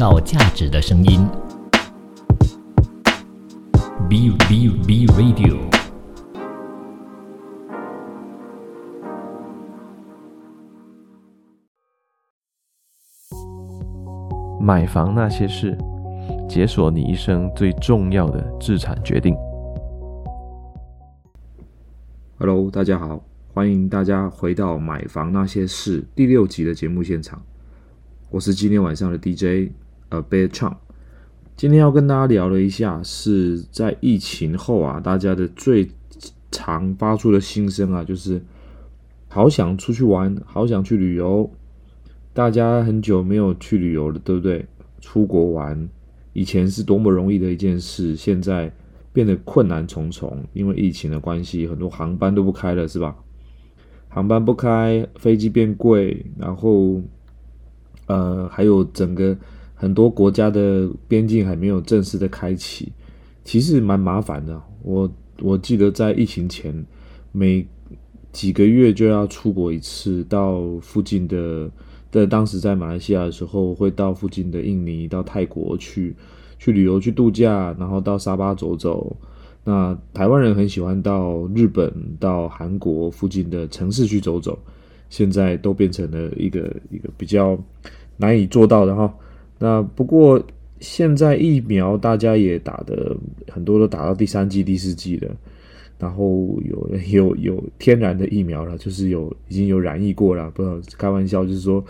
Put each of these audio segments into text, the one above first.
到價值的聲音。B B B Radio。買房那些事，解鎖你一生最重要的資產決定。Hello，大家好，歡迎大家回到《買房那些事》第六集的節目現場，我是今天晚上的 DJ。呃，貝暢，今天要跟大家聊了一下，是在疫情後啊，大家的最常發出的心聲啊，就是好想出去玩，好想去旅遊。大家很久沒有去旅遊了，對不對？出國玩，以前是多麼容易的一件事，現在變得困難重重，因為疫情的關係，很多航班都不開了，是吧？航班不開，飛機變貴，然後呃，還有整個。很多國家的邊境還沒有正式的開啟，其實蠻麻煩的。我我記得在疫情前，每幾個月就要出國一次，到附近的，在當時在馬來西亞的時候，會到附近的印尼、到泰國去去旅遊、去度假，然後到沙巴走走。那台灣人很喜歡到日本、到韓國附近的城市去走走，現在都變成了一個一個比較難以做到的然後。那不過現在疫苗大家也打得很多都打到第三劑、第四劑了，然後有有有天然的疫苗了，就是有已經有染疫過了，不要開玩笑，就是說，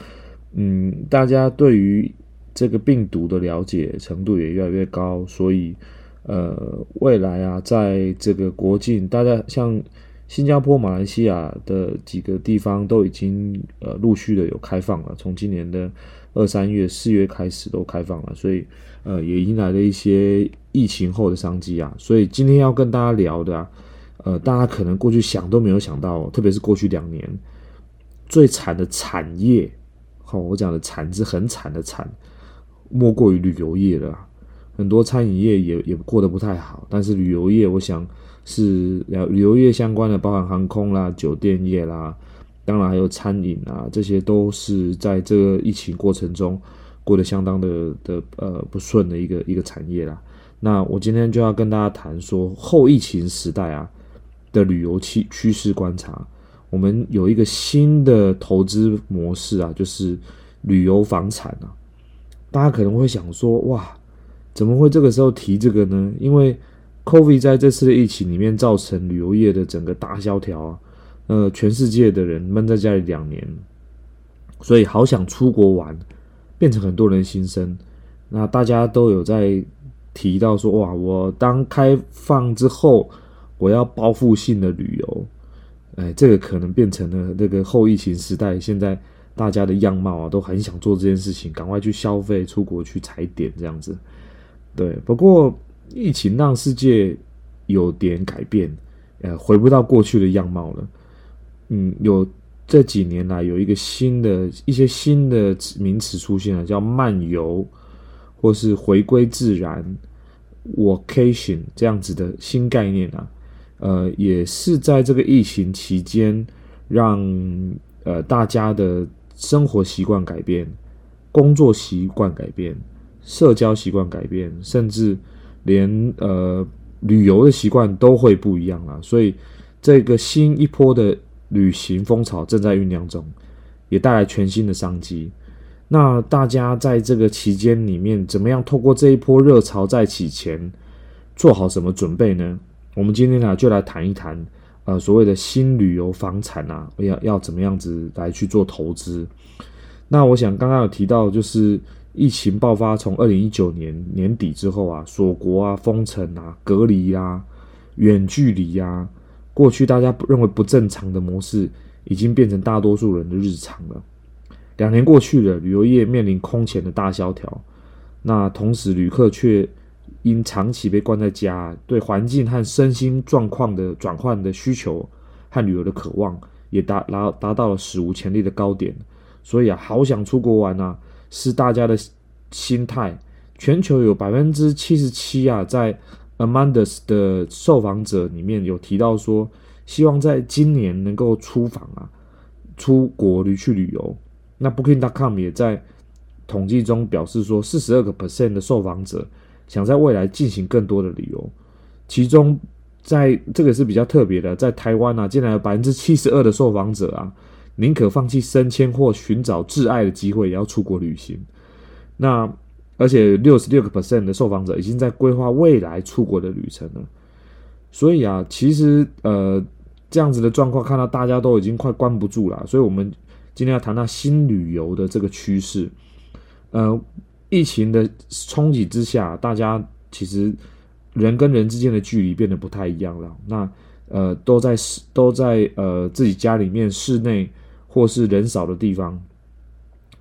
嗯，大家對於這個病毒的了解程度也越來越高，所以呃，未來啊，在這個國境，大家像新加坡、馬來西亞的幾個地方都已經呃陸續的有開放了，從今年的。二三月、四月開始都開放了，所以，呃，也迎來了一些疫情後的商機啊。所以今天要跟大家聊的，啊，呃，大家可能過去想都沒有想到，哦，特別是過去兩年最慘的產業，好，哦，我講的慘是很慘的慘，莫過於旅遊業了。很多餐飲業也也過得不太好，但是旅遊業，我想是旅遊業相關的，包含航空啦、酒店業啦。當然還有餐飲啊，這些都是在這個疫情過程中過得相當的的呃不順的一個一個產業啦。那我今天就要跟大家談說後疫情時代啊的旅遊趨勢觀察。我們有一個新的投資模式啊，就是旅遊房產啊。大家可能會想說，哇，怎麼會這個時候提這個呢？因為 COVID 在這次的疫情裡面造成旅遊業的整個大蕭條啊。呃，全世界的人悶在家裡兩年，所以好想出國玩，變成很多人心聲。那大家都有在提到說，哇，我當開放之後，我要報復性的旅遊。哎，這個可能變成了那個後疫情時代，現在大家的樣貌啊，都很想做這件事情，趕快去消費、出國去踩點這樣子。對，不過疫情讓世界有點改變，呃，回不到過去的樣貌了。嗯，有這幾年來、啊、有一個新的、一些新的名詞出現了、啊，叫漫遊，或是回歸自然、vacation 這樣子的新概念啊。呃，也是在這個疫情期間，讓呃大家的生活習慣改變、工作習慣改變、社交習慣改變，甚至連呃旅遊的習慣都會不一樣了、啊。所以，這個新一波的。旅行風潮正在醞釀中，也帶來全新的商機。那大家在這個期間裡面，怎麼樣透過這一波熱潮再起前，做好什麼準備呢？我們今天呢、啊、就來談一談，呃，所謂的新旅遊房產啊，要要怎麼樣子來去做投資？那我想剛剛有提到，就是疫情爆發從二零一九年年底之後啊，鎖國啊、封城啊、隔離呀、啊、遠距離呀、啊。過去大家不認為不正常的模式，已經變成大多數人的日常了。兩年過去了，旅遊業面臨空前的大蕭條。那同時，旅客卻因長期被關在家，對環境和身心狀況的轉換的需求和旅遊的渴望，也達達達到了史無前例的高點。所以啊，好想出國玩啊，是大家的心態。全球有百分之七十七啊，在。Amanda's 的受訪者裡面有提到說，希望在今年能夠出訪啊，出國旅去旅遊。那 Booking.com 也在統計中表示說42，四十二個 percent 的受訪者想在未來進行更多的旅遊。其中，在這個是比較特別的，在台灣啊來，竟然有百分之七十二的受訪者啊，寧可放棄升遷或尋找摯愛的機會，也要出國旅行。那而且六十六個 percent 的受訪者已經在規劃未來出國的旅程了，所以啊，其實呃，這樣子的狀況看到大家都已經快關不住了，所以我們今天要談到新旅遊的這個趨勢。呃，疫情的衝擊之下，大家其實人跟人之間的距離變得不太一樣了。那呃，都在都在呃自己家裡面室內或是人少的地方，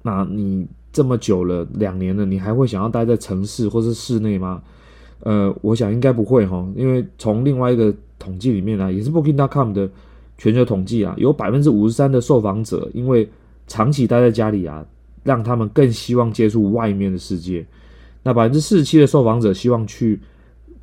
那你。這麼久了，兩年了，你還會想要待在城市或是室內嗎？呃，我想應該不會哈，因為從另外一個統計裡面呢啊，也是 Booking.com 的全球統計啊，有百分之五十三的受訪者因為長期待在家裡啊，讓他們更希望接觸外面的世界。那百分之四十七的受訪者希望去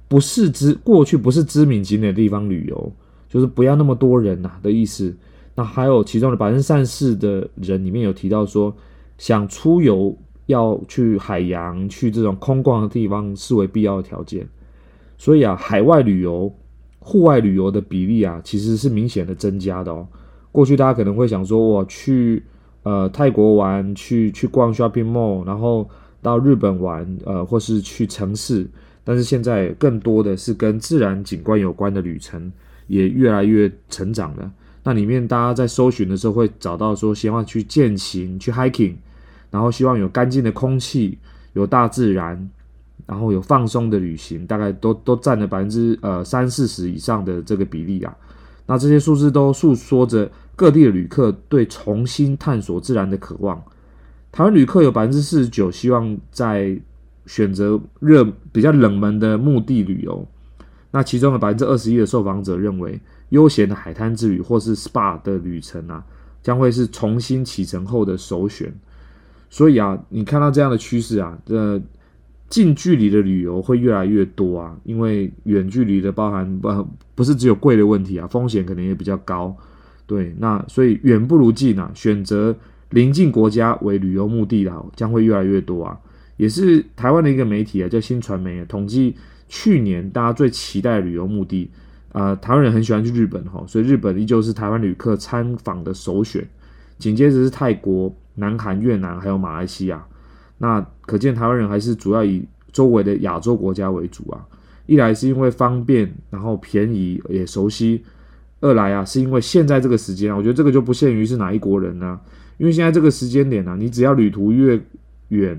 不是知過去不是知名景點的地方旅遊，就是不要那麼多人吶啊的意思。那還有其中的百分之三十四的人裡面有提到說。想出遊要去海洋、去這種空曠的地方，視為必要的條件。所以啊，海外旅遊、戶外旅遊的比例啊，其實是明顯的增加的哦。過去大家可能會想說，我去呃泰國玩、去去逛 shopping mall，然後到日本玩，呃或是去城市。但是現在更多的是跟自然景觀有關的旅程，也越來越成長了。那裡面大家在搜尋的時候會找到說，希望去健行、去 hiking。然後希望有乾淨的空氣，有大自然，然後有放鬆的旅行，大概都都占了百分之呃三四十以上的這個比例啊。那這些數字都訴說着各地的旅客對重新探索自然的渴望。台灣旅客有百分之四十九希望在選擇熱比較冷門的目的旅遊。那其中的百分之二十一的受訪者認為，悠閒的海灘之旅或是 SPA 的旅程啊，將會是重新啟程後的首選。所以啊，你看到這樣的趨勢啊，這、呃、近距離的旅遊會越來越多啊，因為遠距離的包含不、呃、不是只有貴的問題啊，風險可能也比較高。對，那所以遠不如近啊，選擇臨近國家為旅遊目的的、啊、將會越來越多啊。也是台灣的一個媒體啊，叫新傳媒啊，統計去年大家最期待旅遊目的啊、呃，台灣人很喜歡去日本齁，所以日本依舊是台灣旅客參訪的首選，緊接着是泰國。南韓、越南還有馬來西亞，那可見台灣人還是主要以周圍的亞洲國家為主啊。一來是因為方便，然後便宜，也熟悉；二來啊，是因為現在這個時間啊，我覺得這個就不限於是哪一國人呢啊？因為現在這個時間點呢啊，你只要旅途越遠，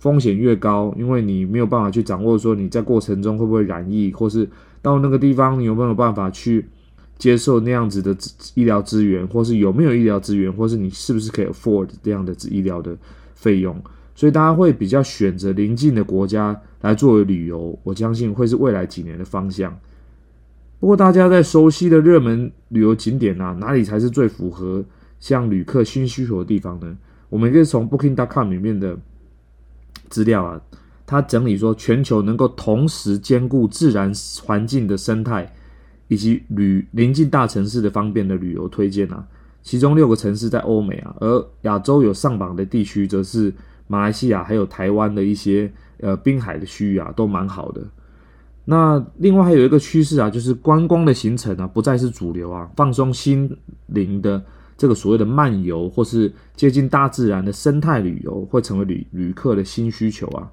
風險越高，因為你沒有辦法去掌握說你在過程中會不會染疫，或是到那個地方你有沒有辦法去接受那樣子的醫療資源，或是有沒有醫療資源，或是你是不是可以 afford 這樣的醫療的費用？所以大家會比較選擇鄰近的國家來作為旅遊，我相信會是未來幾年的方向。不過，大家在熟悉的熱門旅遊景點啊，哪裡才是最符合像旅客新需求的地方呢？我們也可以從 Booking dot com 裡面的資料啊，它整理說，全球能夠同時兼顧自然環境的生態。以及旅臨近大城市的方便的旅遊推薦啊，其中六個城市在歐美啊，而亞洲有上榜的地區則是馬來西亞還有台灣的一些呃濱海的區域啊，都蠻好的。那另外還有一個趨勢啊，就是觀光的行程啊，不再是主流啊，放鬆心靈的這個所謂的漫遊或是接近大自然的生態旅遊會成為旅旅客的新需求啊。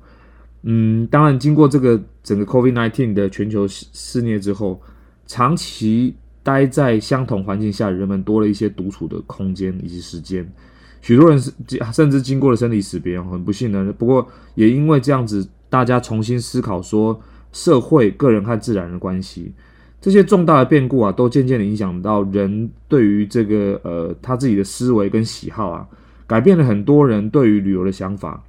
嗯，當然經過這個整個 COVID nineteen 的全球肆虐之後。長期待在相同環境下，人們多了一些獨處的空間以及時間。許多人是甚至經過了生離死別，很不幸的。不過也因為這樣子，大家重新思考說，社會、個人和自然的關係。這些重大的變故啊，都漸漸的影響到人對於這個呃他自己的思維跟喜好啊，改變了很多人對於旅遊的想法。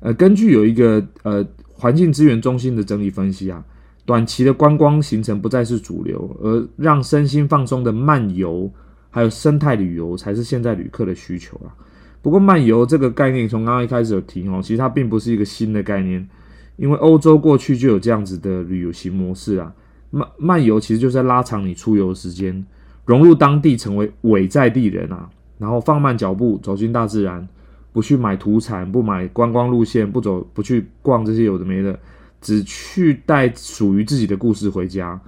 呃，根據有一個呃環境資源中心的整理分析啊。短期的觀光行程不再是主流，而讓身心放鬆的漫遊，還有生態旅遊才是現在旅客的需求了啊。不過，漫遊這個概念從剛剛一開始有提哦，其實它並不是一個新的概念，因為歐洲過去就有這樣子的旅遊型模式啊。漫漫遊其實就是在拉長你出遊時間，融入當地，成為偽在地人啊，然後放慢腳步，走進大自然，不去買土產，不買觀光路線，不走，不去逛這些有的沒的。只去帶屬於自己的故事回家，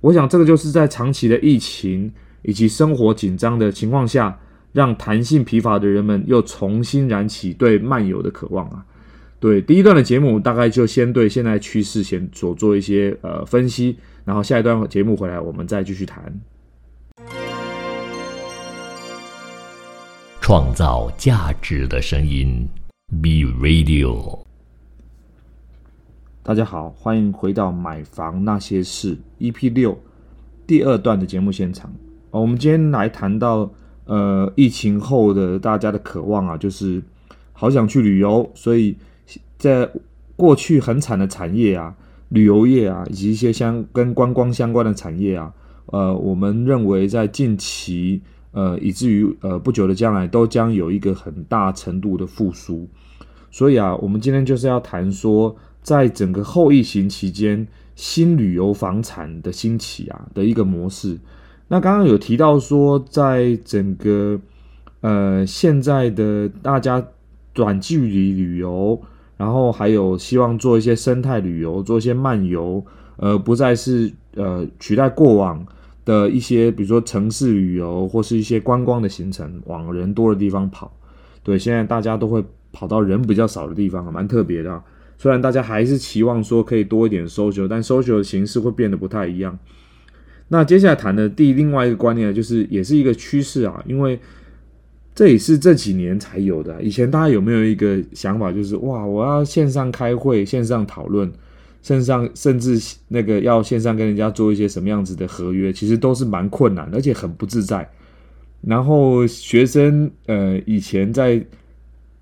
我想這個就是在長期的疫情以及生活緊張的情況下，讓彈性疲乏的人們又重新燃起對漫遊的渴望啊。對，第一段的節目，大概就先對現在趨勢先所做一些呃分析，然後下一段節目回來我們再繼續談。創造價值的聲音，Be Radio。大家好，歡迎回到《買房那些事》EP6 第二段的節目現場。哦，我們今天來談到，呃，疫情後的大家的渴望啊，就是好想去旅遊，所以在過去很慘的產業啊，旅遊業啊，以及一些相跟觀光相關的產業啊，呃，我們認為在近期，呃，以至於呃不久的將來，都將有一個很大程度的復甦。所以啊，我們今天就是要談說。在整個後疫情期間，新旅遊房產的興起啊的一個模式。那剛剛有提到說，在整個呃現在的大家短距離旅遊，然後還有希望做一些生態旅遊，做一些漫遊，呃，不再是呃取代過往的一些，比如說城市旅遊或是一些觀光的行程，往人多的地方跑。對，現在大家都會跑到人比較少的地方，蠻特別的啊。雖然大家還是期望說可以多一點 social，但 social 的形式會變得不太一樣。那接下來談的第另外一個觀念呢，就是也是一個趨勢啊，因為這也是這幾年才有的。以前大家有沒有一個想法，就是哇，我要線上開會、線上討論、線上甚至那個要線上跟人家做一些什麼樣子的合約，其實都是蠻困難，而且很不自在。然後學生呃，以前在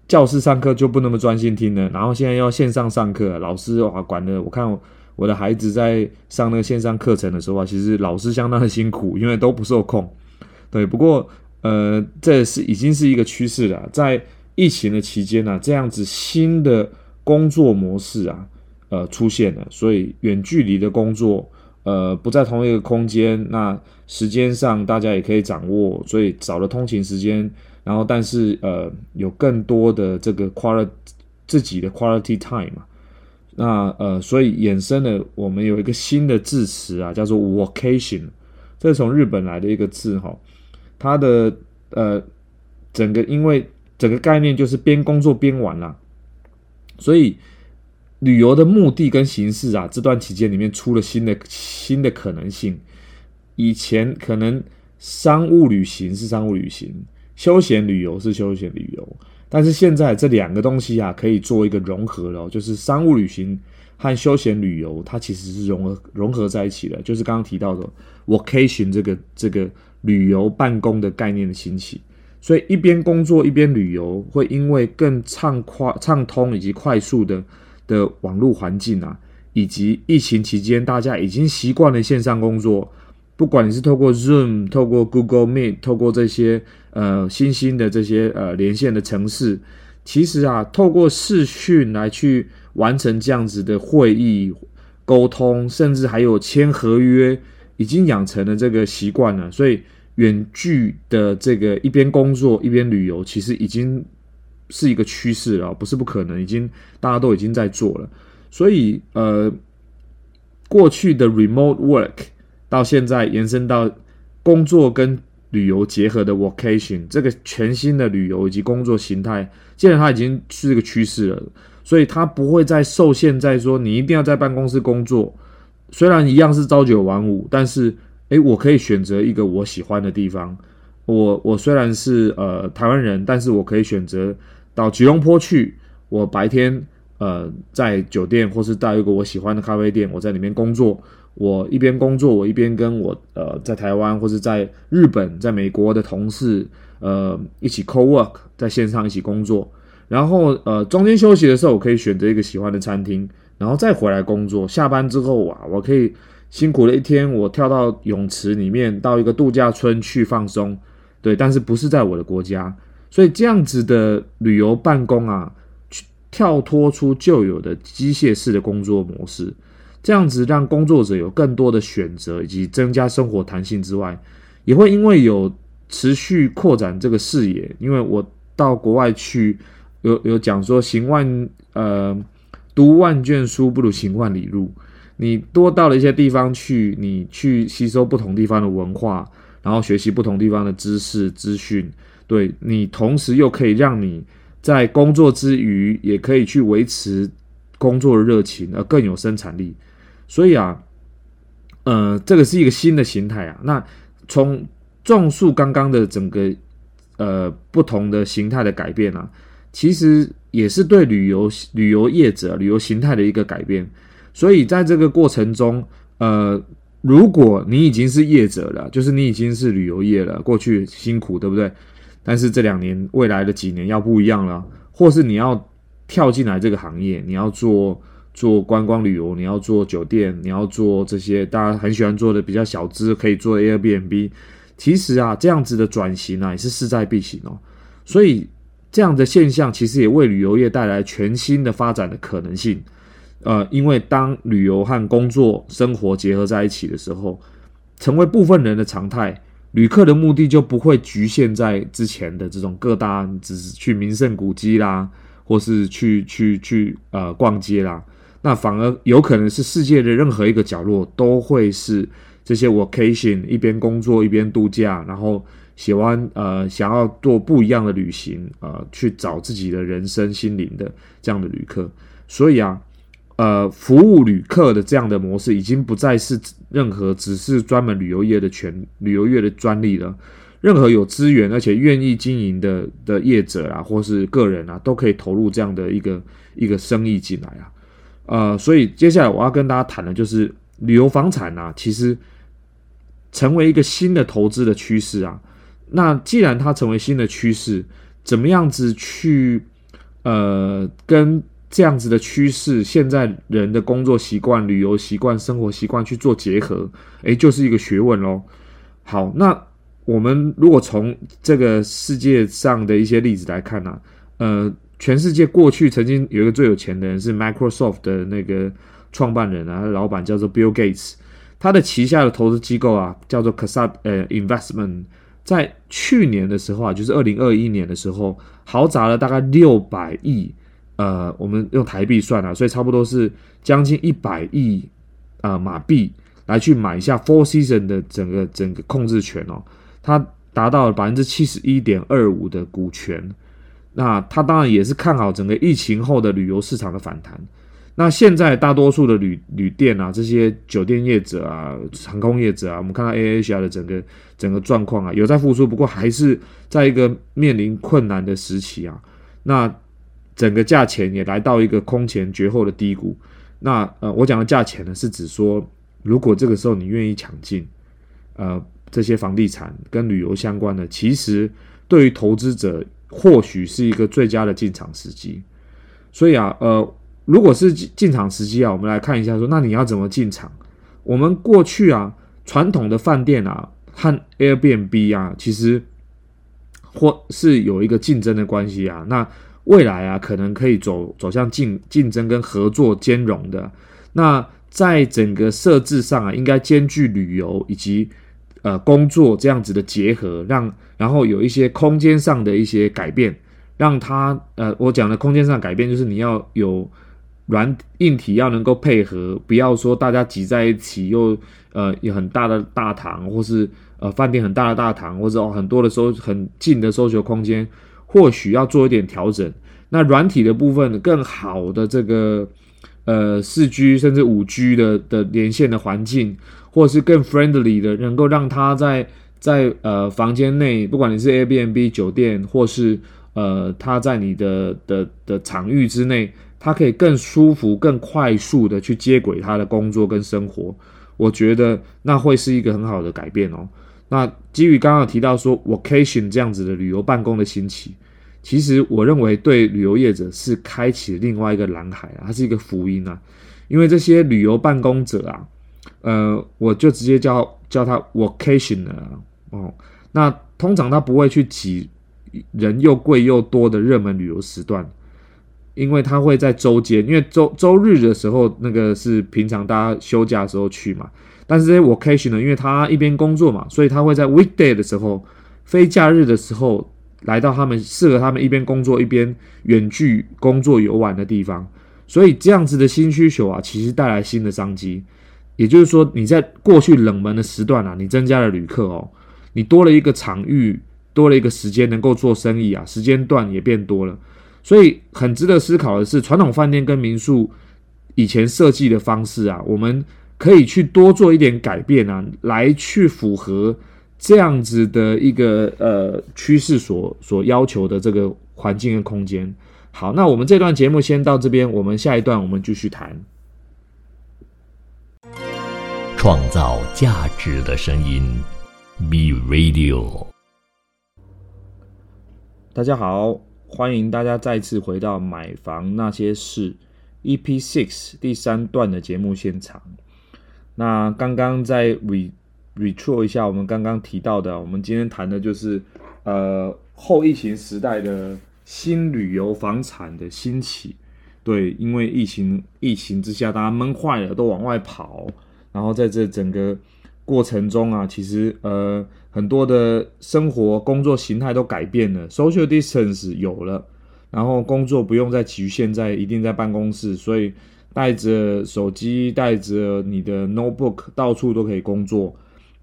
教室上課就不那麼專心聽了，然後現在要線上上課，老師的話管的。我看我的孩子在上那個線上課程的時候啊，其實老師相當的辛苦，因為都不受控。對，不過呃，這是已經是一個趨勢了，在疫情的期間呢、啊，這樣子新的工作模式啊，呃，出現了，所以遠距離的工作，呃，不在同一個空間，那時間上大家也可以掌握，所以少了通勤時間。然後，但是呃，有更多的這個 quality 自己的 quality time 嘛、啊？那呃，所以衍生了我們有一個新的字詞啊，叫做 vacation，這是從日本來的一個字哈、哦。它的呃，整個因為整個概念就是邊工作邊玩啦、啊，所以旅遊的目的跟形式啊，這段期間裡面出了新的新的可能性。以前可能商務旅行是商務旅行。休閒旅遊是休閒旅遊，但是現在這兩個東西啊，可以做一個融合嘍、哦，就是商務旅行和休閒旅遊，它其實是融合融合在一起的，就是剛剛提到的 vacation 這個這個旅遊辦公的概念的興起，所以一邊工作一邊旅遊，會因為更暢快暢通以及快速的的網絡環境啊，以及疫情期間大家已經習慣了線上工作，不管你是透過 Zoom、透過 Google Meet、透過這些。呃，新興的這些呃連線的城市，其實啊，透過視訊來去完成這樣子的會議溝通，甚至還有簽合約，已經養成了這個習慣了。所以，遠距的這個一邊工作一邊旅遊，其實已經是一個趨勢了，不是不可能，已經大家都已經在做了。所以，呃，過去的 remote work 到現在延伸到工作跟。旅遊結合的 vacation，這個全新的旅遊以及工作形態，既然它已經是一個趨勢了，所以它不會再受限在說你一定要在辦公室工作。雖然一樣是朝九晚五，但是誒、欸，我可以選擇一個我喜歡的地方。我我雖然是呃台灣人，但是我可以選擇到吉隆坡去。我白天呃在酒店，或是到一個我喜歡的咖啡店，我在裡面工作。我一邊工作，我一邊跟我呃在台灣或是在日本、在美國的同事呃一起 co-work，在線上一起工作。然後呃中間休息的時候，我可以選擇一個喜歡的餐廳，然後再回來工作。下班之後啊，我可以辛苦了一天，我跳到泳池裡面，到一個度假村去放鬆。對，但是不是在我的國家，所以這樣子的旅遊辦公啊，去跳脫出舊有的機械式的工作模式。這樣子讓工作者有更多的選擇以及增加生活彈性之外，也會因為有持續擴展這個視野。因為我到國外去有，有有講說行萬，呃，讀萬卷書不如行萬里路。你多到了一些地方去，你去吸收不同地方的文化，然後學習不同地方的知識資訊，對，你同時又可以讓你在工作之餘也可以去維持工作的熱情，而更有生產力。所以啊，呃，這個是一個新的形態啊。那從壯樹剛剛的整個呃不同的形態的改變啊，其實也是對旅遊旅遊業者旅遊形態的一個改變。所以在這個過程中，呃，如果你已經是業者了，就是你已經是旅遊業了，過去辛苦對不對？但是這兩年未來的幾年要不一樣了，或是你要跳進來這個行業，你要做。做觀光旅遊，你要做酒店，你要做這些大家很喜歡做的比較小資，可以做 Airbnb。其實啊，這樣子的轉型啊也是勢在必行哦。所以這樣的現象其實也為旅遊業帶來全新的發展的可能性。呃，因為當旅遊和工作生活結合在一起的時候，成為部分人的常態，旅客的目的就不會局限在之前的這種各大只是去名勝古蹟啦，或是去去去呃逛街啦。那反而有可能是世界的任何一個角落都會是這些 workation 一邊工作一邊度假，然後喜歡呃想要做不一樣的旅行呃，去找自己的人生心靈的這樣的旅客。所以啊，呃，服務旅客的這樣的模式已經不再是任何只是專門旅遊業的全旅遊業的專利了。任何有資源而且願意經營的的業者啊，或是個人啊，都可以投入這樣的一個一個生意進來啊。呃，所以接下來我要跟大家談的就是旅遊房產呢、啊，其實成為一個新的投資的趨勢啊。那既然它成為新的趨勢，怎麼樣子去呃跟這樣子的趨勢，現在人的工作習慣、旅遊習慣、生活習慣去做結合，哎、欸，就是一個學問嘍。好，那我們如果從這個世界上的一些例子來看呢、啊，呃。全世界過去曾經有一個最有錢的人是 Microsoft 的那個創辦人啊，他的老板叫做 Bill Gates，他的旗下的投資機構啊叫做 Cascade Investment，在去年的時候啊，就是二零二一年的時候，豪砸了大概六百億，呃，我們用台幣算啊，所以差不多是將近一百億啊馬幣來去買一下 Four Season 的整個整個控制權哦，他達到了百分之七十一點二五的股權。那他當然也是看好整個疫情後的旅遊市場的反彈。那現在大多數的旅旅店啊，這些酒店業者啊，航空業者啊，我們看到 A H R 的整個整個狀況啊，有在復甦，不過還是在一個面臨困難的時期啊。那整個價錢也來到一個空前絕後的低谷。那呃，我講的價錢呢，是指說，如果這個時候你願意搶進，呃，這些房地產跟旅遊相關的，其實對於投資者。或許是一個最佳的進場時機，所以啊，呃，如果是進場時機啊，我們來看一下說，說那你要怎麼進場？我們過去啊，傳統的飯店啊和 Airbnb 啊，其實或是有一個競爭的關係啊，那未來啊，可能可以走走向競競爭跟合作兼容的，那在整個設置上啊，應該兼具旅遊以及。呃，工作這樣子的結合，讓，然後有一些空間上的一些改變，讓他呃，我講的空間上改變就是你要有軟硬體要能夠配合，不要說大家擠在一起又呃有很大的大堂，或是呃飯店很大的大堂，或者、哦、很多的收很近的社交空間，或許要做一點調整。那軟體的部分，更好的這個。呃，四 G 甚至五 G 的的連線的環境，或者是更 friendly 的，能夠讓他在在呃房間內，不管你是 Airbnb 酒店，或是呃他在你的的的場域之內，他可以更舒服、更快速的去接軌他的工作跟生活。我覺得那會是一個很好的改變哦。那基於剛剛有提到說，workation 這樣子的旅遊辦公的興起。其實我認為對旅遊業者是開啟另外一個藍海啊，它是一個福音啊，因為這些旅遊辦公者啊，呃，我就直接叫叫他 vacationer 啊，哦。那通常他不會去擠人又貴又多的熱門旅遊時段，因為他會在周間，因為周周日的時候那個是平常大家休假的時候去嘛。但是這些 vacationer 因為他一邊工作嘛，所以他會在 weekday 的時候，非假日的時候。來到他們適合他們一邊工作一邊遠距工作遊玩的地方，所以這樣子的新需求啊，其實帶來新的商機。也就是說，你在過去冷門的時段啊，你增加了旅客哦，你多了一個場域，多了一個時間能夠做生意啊，時間段也變多了。所以很值得思考的是，傳統飯店跟民宿以前設計的方式啊，我們可以去多做一點改變啊，來去符合。這樣子的一個呃趨勢所所要求的這個環境跟空間。好，那我們這段節目先到這邊，我們下一段我們繼續談。創造價值的聲音，Be Radio。B、Rad 大家好，歡迎大家再次回到《買房那些事》EP Six 第三段的節目現場。那剛剛在 We review 一下我們剛剛提到的。啊，我們今天談的就是，呃，後疫情時代的新旅遊房產的興起。對，因為疫情，疫情之下大家悶壞了，都往外跑。然後在這整個過程中啊，其實呃，很多的生活工作形態都改變了，social distance 有了，然後工作不用再局限，現在一定在辦公室，所以帶着手機，帶着你的 notebook，到處都可以工作。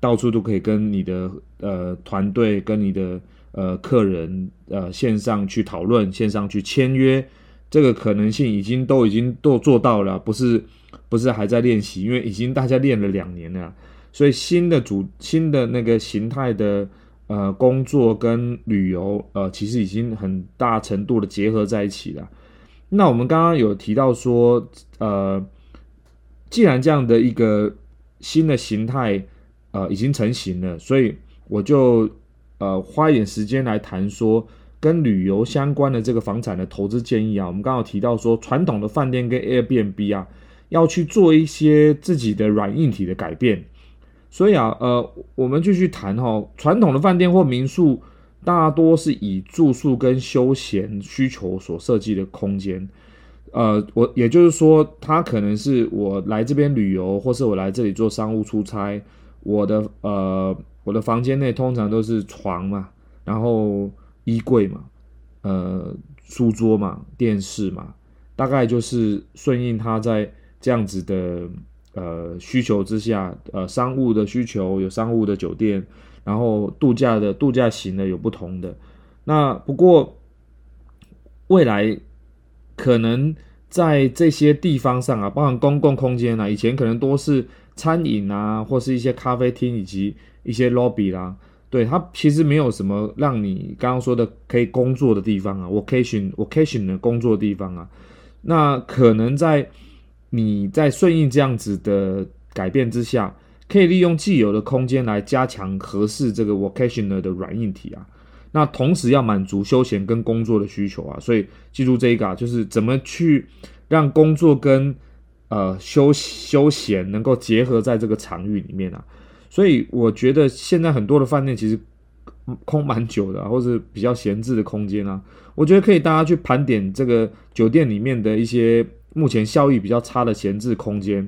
到處都可以跟你的呃團隊、跟你的呃客人呃線上去討論、線上去簽約，這個可能性已經都已經都做到了，不是不是還在練習，因為已經大家練了兩年了，所以新的主新的那個形態的呃工作跟旅遊呃其實已經很大程度的結合在一起了。那我們剛剛有提到說，呃，既然這樣的一個新的形態。呃，已經成型了，所以我就呃花一點時間來談說跟旅遊相關的這個房產的投資建議啊。我們剛好提到說，傳統的飯店跟 Airbnb 啊，要去做一些自己的軟硬體的改變。所以啊，呃，我們繼續談哈、哦，傳統的飯店或民宿大多是以住宿跟休閒需求所設計的空間。呃，我也就是說，它可能是我來這邊旅遊，或是我來這裡做商務出差。我的呃，我的房間內通常都是床嘛，然後衣櫃嘛，呃，書桌嘛，電視嘛，大概就是順應他在這樣子的呃需求之下，呃，商務的需求有商務的酒店，然後度假的度假型的有不同的。那不過未來可能在這些地方上啊，包含公共空間啊，以前可能都是。餐飲啊，或是一些咖啡廳以及一些 lobby 啦，啊，對，它其實沒有什麼讓你剛剛說的可以工作的地方啊，vocation，vocation voc 的工作的地方啊，那可能在你在順應這樣子的改變之下，可以利用既有的空間來加強合適這個 vocation 的軟硬體啊，那同時要滿足休閒跟工作的需求啊，所以記住這一個啊，就是怎麼去讓工作跟。呃，休休閒能夠結合在這個場域裡面啊，所以我覺得現在很多的飯店其實空蠻久的啊，或是比較閒置的空間啊，我覺得可以大家去盤點這個酒店裡面的一些目前效益比較差的閒置空間，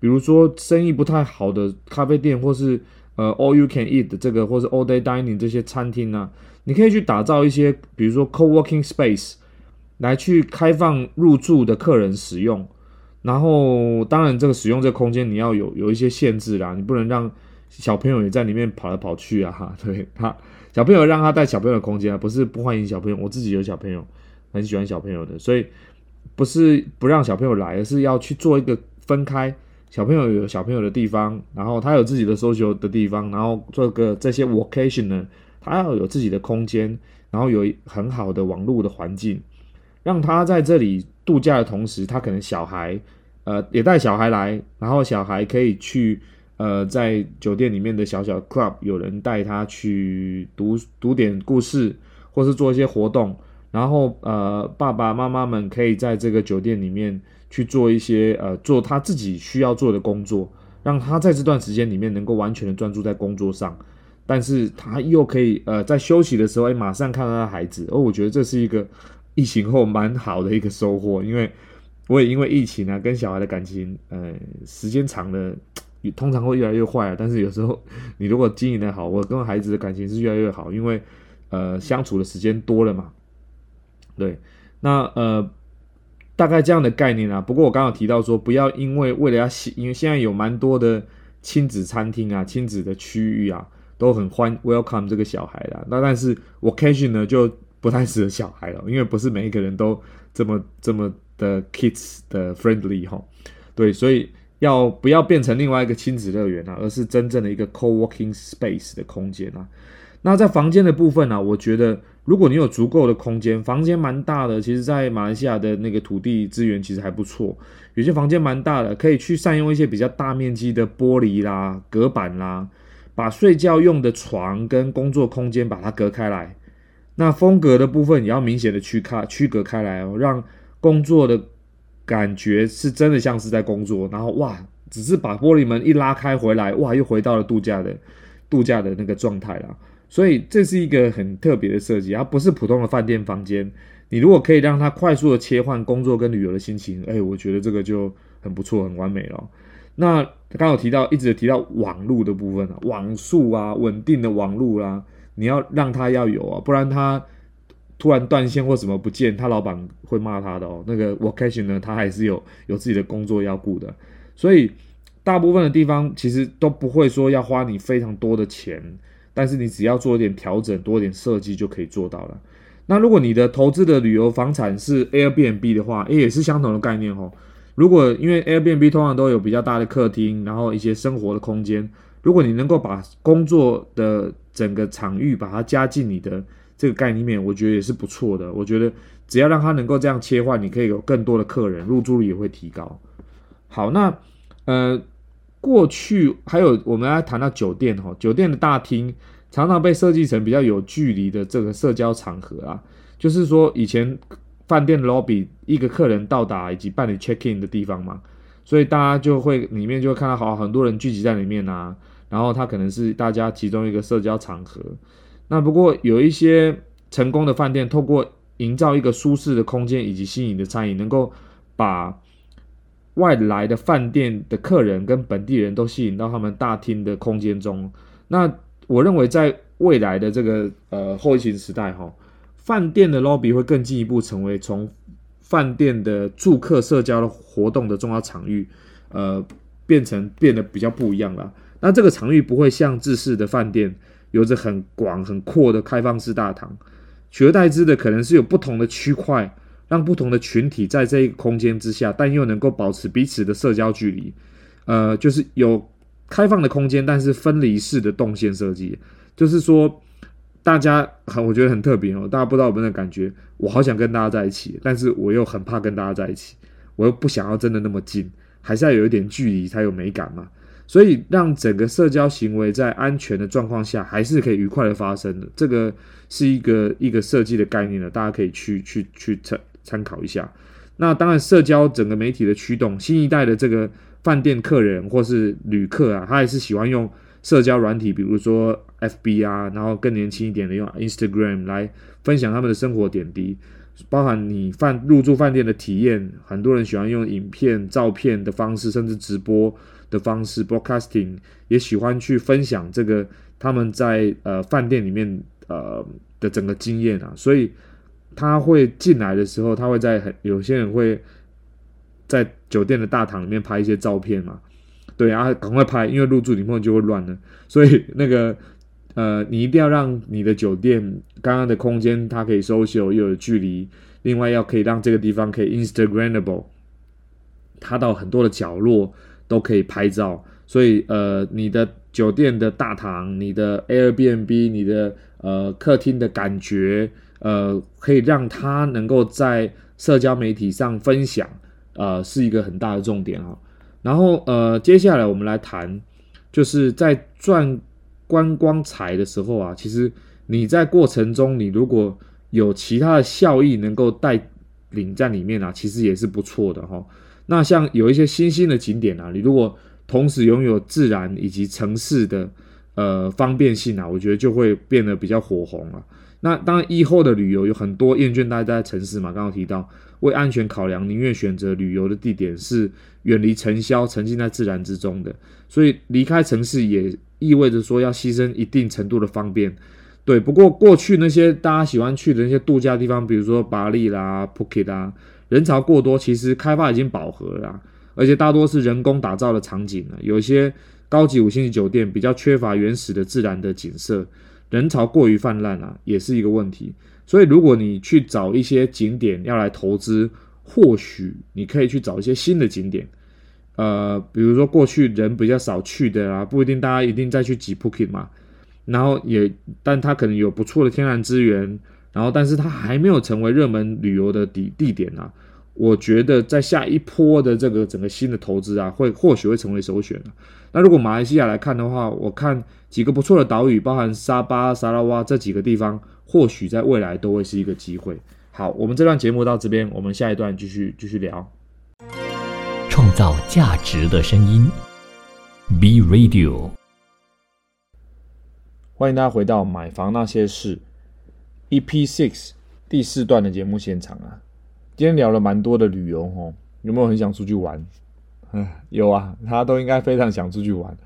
比如說生意不太好的咖啡店，或是呃 all you can eat 的這個，或是 all day dining 這些餐廳啊，你可以去打造一些，比如說 co working space 來去開放入住的客人使用。然後，當然，這個使用這個空間你要有有一些限制啦，你不能讓小朋友也在裡面跑來跑去啊！哈，對，他，小朋友讓他帶小朋友的空間啊，不是不歡迎小朋友。我自己有小朋友，很喜歡小朋友的，所以不是不讓小朋友來，而是要去做一個分開。小朋友有小朋友的地方，然後他有自己的 social 的地方，然後這個這些 vacation 呢，他要有自己的空間，然後有很好的網絡的環境，讓他在這裡度假的同時，他可能小孩。呃，也帶小孩來，然後小孩可以去，呃，在酒店裡面的小小 club，有人帶他去讀讀點故事，或是做一些活動，然後呃，爸爸媽媽們可以在這個酒店裡面去做一些呃，做他自己需要做的工作，讓他在這段時間裡面能夠完全的專注在工作上，但是他又可以呃，在休息的時候，哎、欸，馬上看到他孩子，而、哦、我覺得這是一個疫情後蠻好的一個收穫，因為。我也因為疫情啊，跟小孩的感情，呃，時間長了，通常會越來越壞啊。但是有時候，你如果經營的好，我跟孩子的感情是越來越好，因為，呃，相處的時間多了嘛。對，那呃，大概這樣的概念啊。不過我剛剛有提到說，不要因為為了要洗，因為現在有蠻多的親子餐廳啊、親子的區域啊，都很歡 welcome 這個小孩啦。那但是，vacation 呢，就不太適合小孩了，因為不是每一個人都這麼這麼。的 kids 的 friendly 吼，對，所以要不要變成另外一個親子樂園啊？而是真正的一個 co-working space 的空間啊。那在房間的部分呢，啊，我覺得如果你有足夠的空間，房間蠻大的，其實，在馬來西亞的那個土地資源其實還不錯，有些房間蠻大的，可以去善用一些比較大面積的玻璃啦，隔板啦，把睡覺用的床跟工作空間把它隔開來。那風格的部分也要明顯的區開、區隔開來哦，讓。工作的感覺是真的像是在工作，然後哇，只是把玻璃門一拉開回來，哇，又回到了度假的度假的那個狀態了。所以這是一個很特別的設計，而不是普通的飯店房間。你如果可以讓它快速的切換工作跟旅遊的心情，哎、欸，我覺得這個就很不錯，很完美了。那剛好提到一直提到網路的部分啊，網速啊，穩定的網路啦、啊，你要讓它要有啊，不然它……突然斷線或什麼不見，他老闆會罵他的哦。那個 vocation 呢，他還是有有自己的工作要顧的，所以大部分的地方其實都不會說要花你非常多的錢，但是你只要做一點調整，多一點設計就可以做到了。那如果你的投資的旅遊房產是 Airbnb 的話，也也是相同的概念哦。如果因為 Airbnb 通常都有比較大的客廳，然後一些生活的空間，如果你能夠把工作的整個場域把它加進你的。這個概念我覺得也是不錯的，我覺得只要讓它能夠這樣切換，你可以有更多的客人，入住率也會提高。好，那呃，過去還有我們要談到酒店哈，酒店的大廳常常被設計成比較有距離的這個社交場合啊，就是說以前飯店的 lobby，一個客人到達以及辦理 check-in 的地方嘛，所以大家就會裡面就會看到好很多人聚集在裡面啊，然後它可能是大家其中一個社交場合。那不過有一些成功的飯店，透過營造一個舒適的空間以及新穎的餐飲，能夠把外來的飯店的客人跟本地人都吸引到他們大廳的空間中。那我認為在未來的這個呃後疫情時代哈，飯店的 lobby 會更進一步成為從飯店的住客社交的活動的重要場域，呃，變成變得比較不一樣了。那這個場域不會像制式的飯店。有着很廣很闊的開放式大堂，取而代之的可能是有不同的區塊，讓不同的群體在這一個空間之下，但又能夠保持彼此的社交距離。呃，就是有開放的空間，但是分離式的動線設計，就是說大家很，我覺得很特別哦。大家不知道有沒有感覺？我好想跟大家在一起，但是我又很怕跟大家在一起，我又不想要真的那麼近，還是要有一點距離才有美感嘛啊。所以，讓整個社交行為在安全的狀況下，還是可以愉快的發生的。的這個是一個一個設計的概念了，大家可以去去去參參考一下。那當然，社交整個媒體的驅動，新一代的這個飯店客人或是旅客啊，他還是喜歡用社交軟體，比如說 FB 啊，然後更年輕一點的用 Instagram 來分享他們的生活點滴，包含你飯入住飯店的體驗，很多人喜歡用影片、照片的方式，甚至直播。的方式 broadcasting 也喜歡去分享這個他們在呃飯店裡面呃的整個經驗啊，所以他會進來的時候，他會在很有些人會在酒店的大堂裡面拍一些照片嘛，對啊，趕快拍，因為入住你朋友就會亂了，所以那個呃，你一定要讓你的酒店剛剛的空間它可以 social 又有距離，另外要可以讓這個地方可以 instagramable，他到很多的角落，都可以拍照，所以呃，你的酒店的大堂，你的 Airbnb，你的呃客廳的感覺，呃，可以讓他能夠在社交媒體上分享，呃，是一個很大的重點哈。然後呃，接下來我們來談，就是在賺觀光財的時候啊，其實你在過程中，你如果有其他的效益能夠帶領在裡面啊，其實也是不錯的哈。那像有一些新興的景點啊，你如果同時擁有自然以及城市的呃方便性啊，我覺得就會變得比較火紅了啊。那當然，以後的旅遊有很多厭倦待在城市嘛，剛剛提到為安全考量，寧願選擇旅遊的地點是遠離塵囂、沉浸在自然之中的。所以離開城市也意味着說要犧牲一定程度的方便。對，不過過去那些大家喜歡去的那些度假地方，比如說巴黎啦、普吉啦。人潮過多，其實開發已經飽和了、啊，而且大多是人工打造的場景了、啊。有些高級五星級酒店比較缺乏原始的自然的景色，人潮過於泛濫了、啊，也是一個問題。所以，如果你去找一些景點要來投資，或許你可以去找一些新的景點，呃，比如說過去人比較少去的啦、啊，不一定大家一定再去擠普吉嘛。然後也，但它可能有不錯的天然資源。然後，但是它還沒有成為熱門旅遊的地地點呢，啊。我覺得在下一波的這個整個新的投資啊，會或許會成為首選，啊。那如果馬來西亞來看的話，我看幾個不錯的島嶼，包含沙巴、沙拉哇這幾個地方，或許在未來都會是一個機會。好，我們這段節目到這邊，我們下一段繼續繼續聊。創造價值的聲音，Be Radio，歡迎大家回到買房那些事。EP6 第四段的節目現場啊，今天聊了蠻多的旅遊哦，有沒有很想出去玩？嗯，有啊，大家都應該非常想出去玩。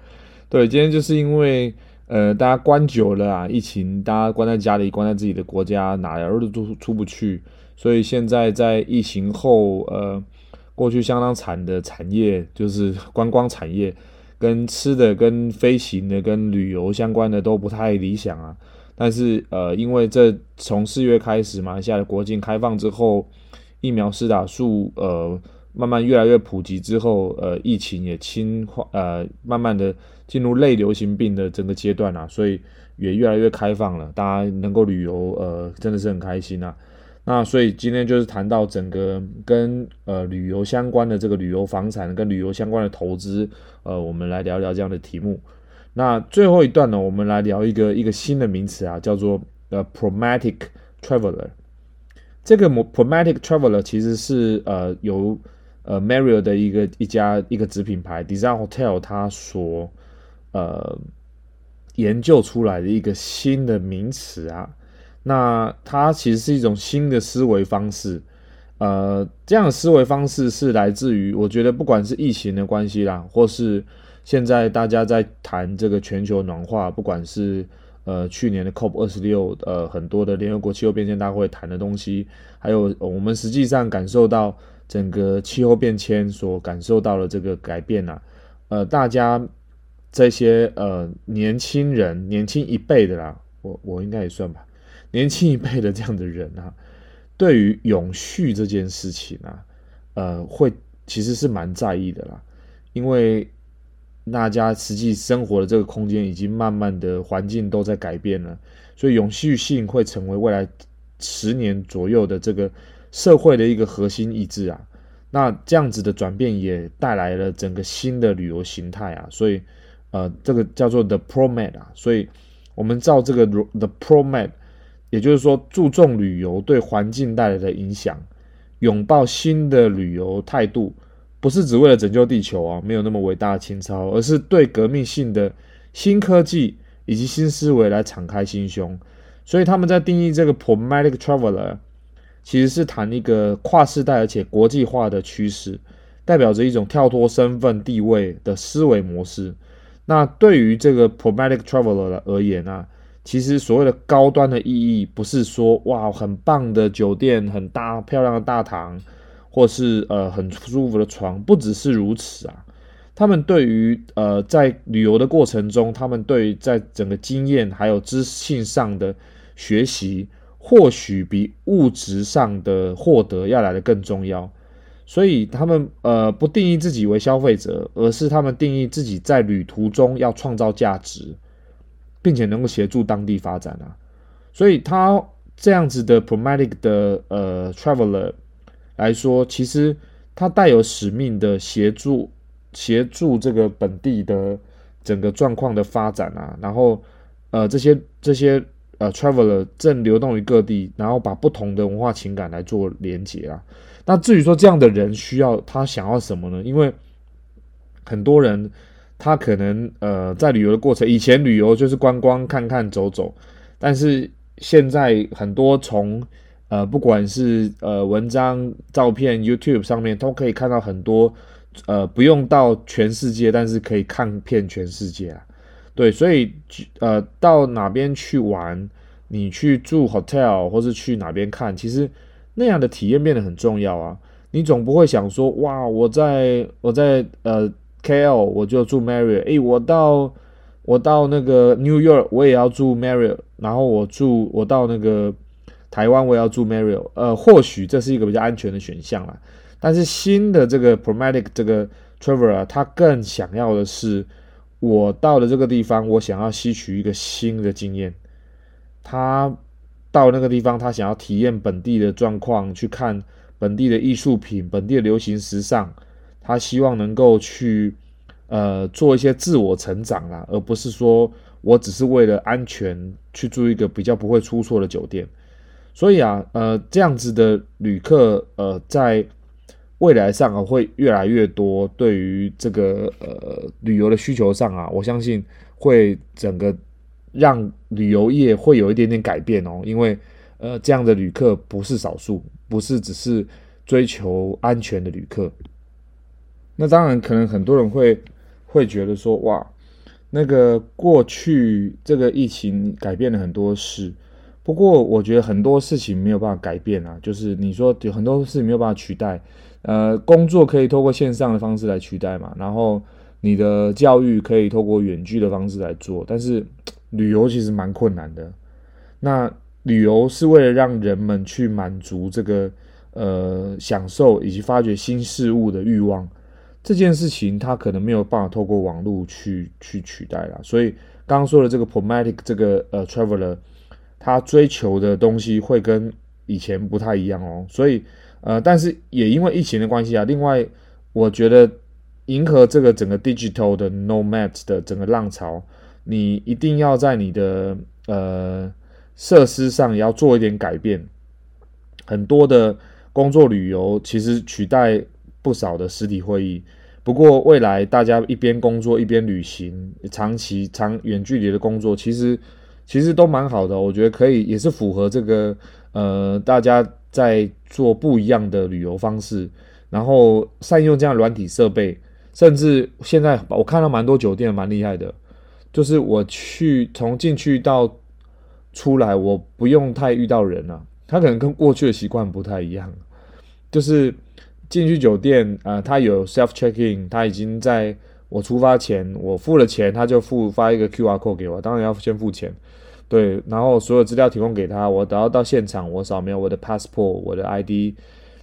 對，今天就是因為呃，大家關久了啊，疫情，大家關在家裡，關在自己的國家，哪都出出不去，所以現在在疫情後，呃，過去相當慘的產業就是觀光產業，跟吃的、跟飛行的、跟旅遊相關的都不太理想啊。但是，呃，因為這從四月開始，馬來西亞的國境開放之後，疫苗施打數，呃，慢慢越來越普及之後，呃，疫情也輕化，呃，慢慢的進入類流行病的整個階段啦，所以也越來越開放了，大家能夠旅遊，呃，真的是很開心吶。那所以今天就是談到整個跟呃旅遊相關的這個旅遊房產跟旅遊相關的投資，呃，我們來聊聊這樣的題目。那最後一段呢，我們來聊一個一個新的名詞啊，叫做呃 “Promatic traveller” 這個 “Promatic traveller” 其實是呃由呃 Marriott 的一個一家一個子品牌 Design Hotel 它，所呃研究出來的一個新的名詞啊。那它其實是一種新的思維方式。呃，這樣的思維方式是來自於我覺得不管是疫情的關係啦，或是現在大家在談這個全球暖化，不管是呃去年的 COP 二十六，呃很多的聯合國氣候變遷大會談的東西，還有、呃、我們實際上感受到整個氣候變遷所感受到的這個改變吶、啊，呃大家這些呃年輕人年輕一輩的啦，我我應該也算吧，年輕一輩的這樣的人啊，對於永續這件事情啊，呃會其實是蠻在意的啦，因為。大家實際生活的這個空間已經慢慢的環境都在改變了，所以永續性會成為未來十年左右的這個社會的一個核心意志啊。那這樣子的轉變也帶來了整個新的旅遊形態啊。所以，呃，這個叫做 The Promatic 啊。所以我們照這個 The Promatic 也就是說注重旅遊對環境帶來的影響，擁抱新的旅遊態度。不是只為了拯救地球啊，沒有那麼偉大的情操，而是對革命性的新科技以及新思維來敞開心胸。所以他們在定義這個 Promatic traveller，其實是談一個跨世代而且國際化的趨勢，代表着一種跳脫身份地位的思維模式。那對於這個 Promatic traveller 而言呢、啊？其實所謂的高端的意義，不是說哇，很棒的酒店，很大很漂亮的大堂。或是呃很舒服的床，不只是如此啊。他們對於呃在旅遊的過程中，他們對於在整個經驗還有知性上的學習，或許比物質上的獲得要來得更重要。所以他們呃不定義自己為消費者，而是他們定義自己在旅途中要創造價值，並且能夠協助當地發展啊。所以他這樣子的 promatic 的呃 traveler。Travel er, 來說，其實他帶有使命的協助，協助這個本地的整個狀況的發展啊。然後，呃，這些這些呃 traveler 正流動於各地，然後把不同的文化情感來做連接啊。那至於說這樣的人需要他想要什麼呢？因為很多人他可能呃在旅遊的過程，以前旅遊就是觀光看看走走，但是現在很多從呃，不管是呃文章、照片、YouTube 上面，都可以看到很多，呃，不用到全世界，但是可以看遍全世界啊。對，所以呃，到哪邊去玩，你去住 hotel，或是去哪邊看，其實那樣的體驗變得很重要啊。你總不會想說，哇，我在我在呃 KL 我就住 Marriott，誒，我到我到那個 New York 我也要住 Marriott，然後我住我到那個。台灣我也要住 Mario，呃，或許這是一個比較安全的選項啦。但是新的這個 Promatic 這個 traveller 啊，他更想要的是，我到了這個地方，我想要吸取一個新的經驗。他到那個地方，他想要體驗本地的狀況，去看本地的藝術品、本地的流行時尚。他希望能夠去呃做一些自我成長啦，而不是說我只是為了安全去住一個比較不會出錯的酒店。所以啊，呃，這樣子的旅客，呃，在未來上啊，會越來越多。對於這個呃旅遊的需求上啊，我相信會整個讓旅遊業會有一點點改變哦。因為呃，這樣的旅客不是少數，不是只是追求安全的旅客。那當然，可能很多人會會覺得說，哇，那個過去這個疫情改變了很多事。不過我覺得很多事情沒有辦法改變啊，就是你說有很多事情沒有辦法取代，呃，工作可以透過線上的方式來取代嘛，然後你的教育可以透過遠距的方式來做，但是旅遊其實蠻困難的。那旅遊是為了讓人們去滿足這個呃享受以及發掘新事物的欲望，這件事情它可能沒有辦法透過網絡去去取代啦。所以剛剛說的這個 Promatic 這個呃 traveller。Tra 他追求的東西會跟以前不太一樣哦，所以，呃，但是也因為疫情的關係啊，另外，我覺得迎合這個整個 digital 的 nomad 的整個浪潮，你一定要在你的呃設施上也要做一點改變。很多的工作旅遊其實取代不少的實體會議，不過未來大家一邊工作一邊旅行，長期長遠距離的工作其實。其實都蠻好的，我覺得可以，也是符合這個，呃，大家在做不一樣的旅遊方式，然後善用這樣的軟體設備，甚至現在我看到蠻多酒店蠻厲害的，就是我去從進去到出來，我不用太遇到人了，他可能跟過去的習慣不太一樣，就是進去酒店，啊、呃，他有 self check in，他已經在我出發前我付了錢，他就付發一個 QR code 給我，當然要先付錢。對，然後所有資料提供給他，我只要到，到現場，我掃描我的 passport、我的 ID，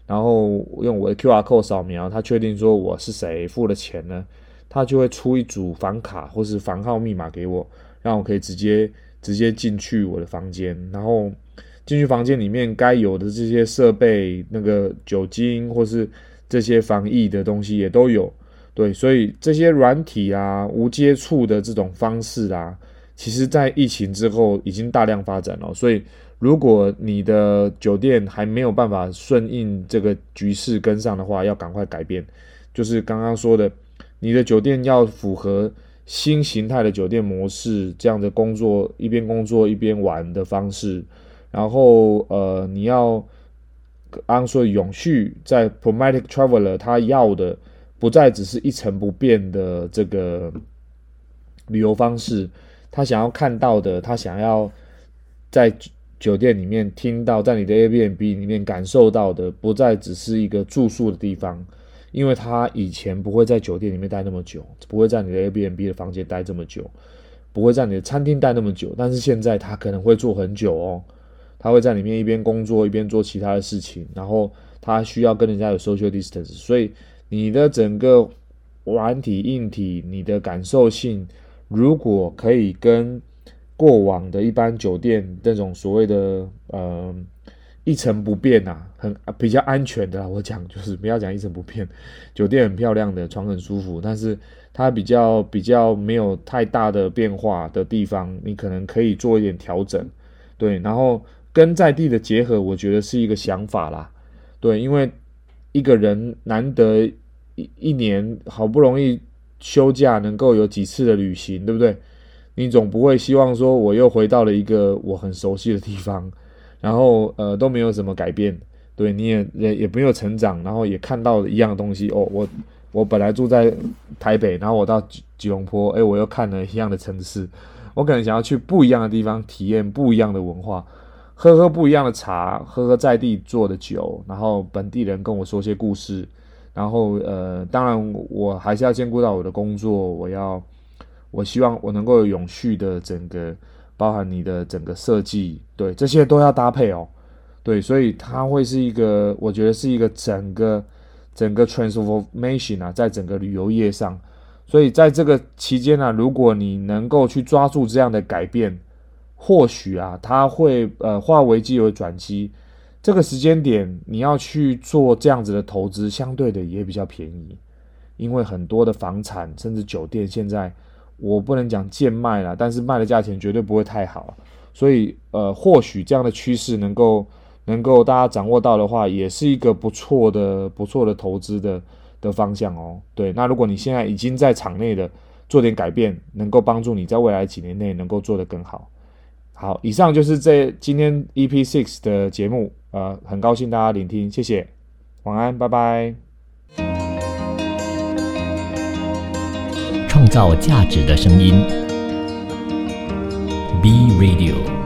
然後用我的 QR code 掃描，他確定說我是誰，付了錢呢，他就會出一組房卡或是房號密碼給我，讓我可以直接直接進去我的房間。然後進去房間裡面，該有的這些設備，那個酒精或是這些防疫的東西也都有。對，所以這些軟體啊，無接觸的這種方式啊。其實，在疫情之後已經大量發展了，所以如果你的酒店還沒有辦法順應這個局勢跟上的話，要趕快改變。就是剛剛說的，你的酒店要符合新形態的酒店模式，這樣的工作，一邊工作一邊玩的方式。然後，呃，你要剛剛說永續，在 Promatic Traveller，他要的不再只是一成不變的這個旅遊方式。他想要看到的，他想要在酒店裡面聽到，在你的 Airbnb 裡面感受到的，不再只是一個住宿的地方，因為他以前不會在酒店裡面待那麼久，不會在你的 Airbnb 的房間待這麼久，不會在你的餐廳待那麼久，但是現在他可能會坐很久哦，他會在裡面一邊工作一邊做其他的事情，然後他需要跟人家有 social distance，所以你的整個軟體硬體，你的感受性。如果可以跟過往的一般酒店那種所謂的嗯、呃、一成不變啊，很比較安全的啦，我講就是不要講一成不變，酒店很漂亮的床很舒服，但是它比較比較沒有太大的變化的地方，你可能可以做一點調整，對，然後跟在地的結合，我覺得是一個想法啦，對，因為一個人難得一一年好不容易，休假能夠有幾次的旅行，對不對？你總不會希望說，我又回到了一個我很熟悉的地方，然後呃都沒有什麼改變，對，你也也也沒有成長，然後也看到了一樣東西。哦，我我本來住在台北，然後我到吉隆坡，哎，我又看了一樣的城市。我可能想要去不一樣的地方，體驗不一樣的文化，喝喝不一樣的茶，喝喝在地做的酒，然後本地人跟我說些故事。然後，呃，當然，我還是要兼顧到我的工作，我要，我希望我能夠有永續的整個，包含你的整個設計，對，這些都要搭配哦，對，所以它會是一個，我覺得是一個整個整個 transformation 啊，在整個旅遊業上，所以在這個期間呢、啊，如果你能夠去抓住這樣的改變，或許啊，它會呃化危機為轉機。這個時間點，你要去做這樣子的投資，相對的也比較便宜，因為很多的房產甚至酒店現在，我不能講賤賣了，但是賣的價錢絕對不會太好，所以呃，或許這樣的趨勢能夠能夠大家掌握到的話，也是一個不錯的不錯的投資的的方向哦。對，那如果你現在已經在場內的做點改變，能夠幫助你在未來幾年內能夠做得更好。好，以上就是這今天 EP6 的節目。呃，很高興大家聆聽，謝謝，晚安，拜拜。創造價值的聲音，B Radio。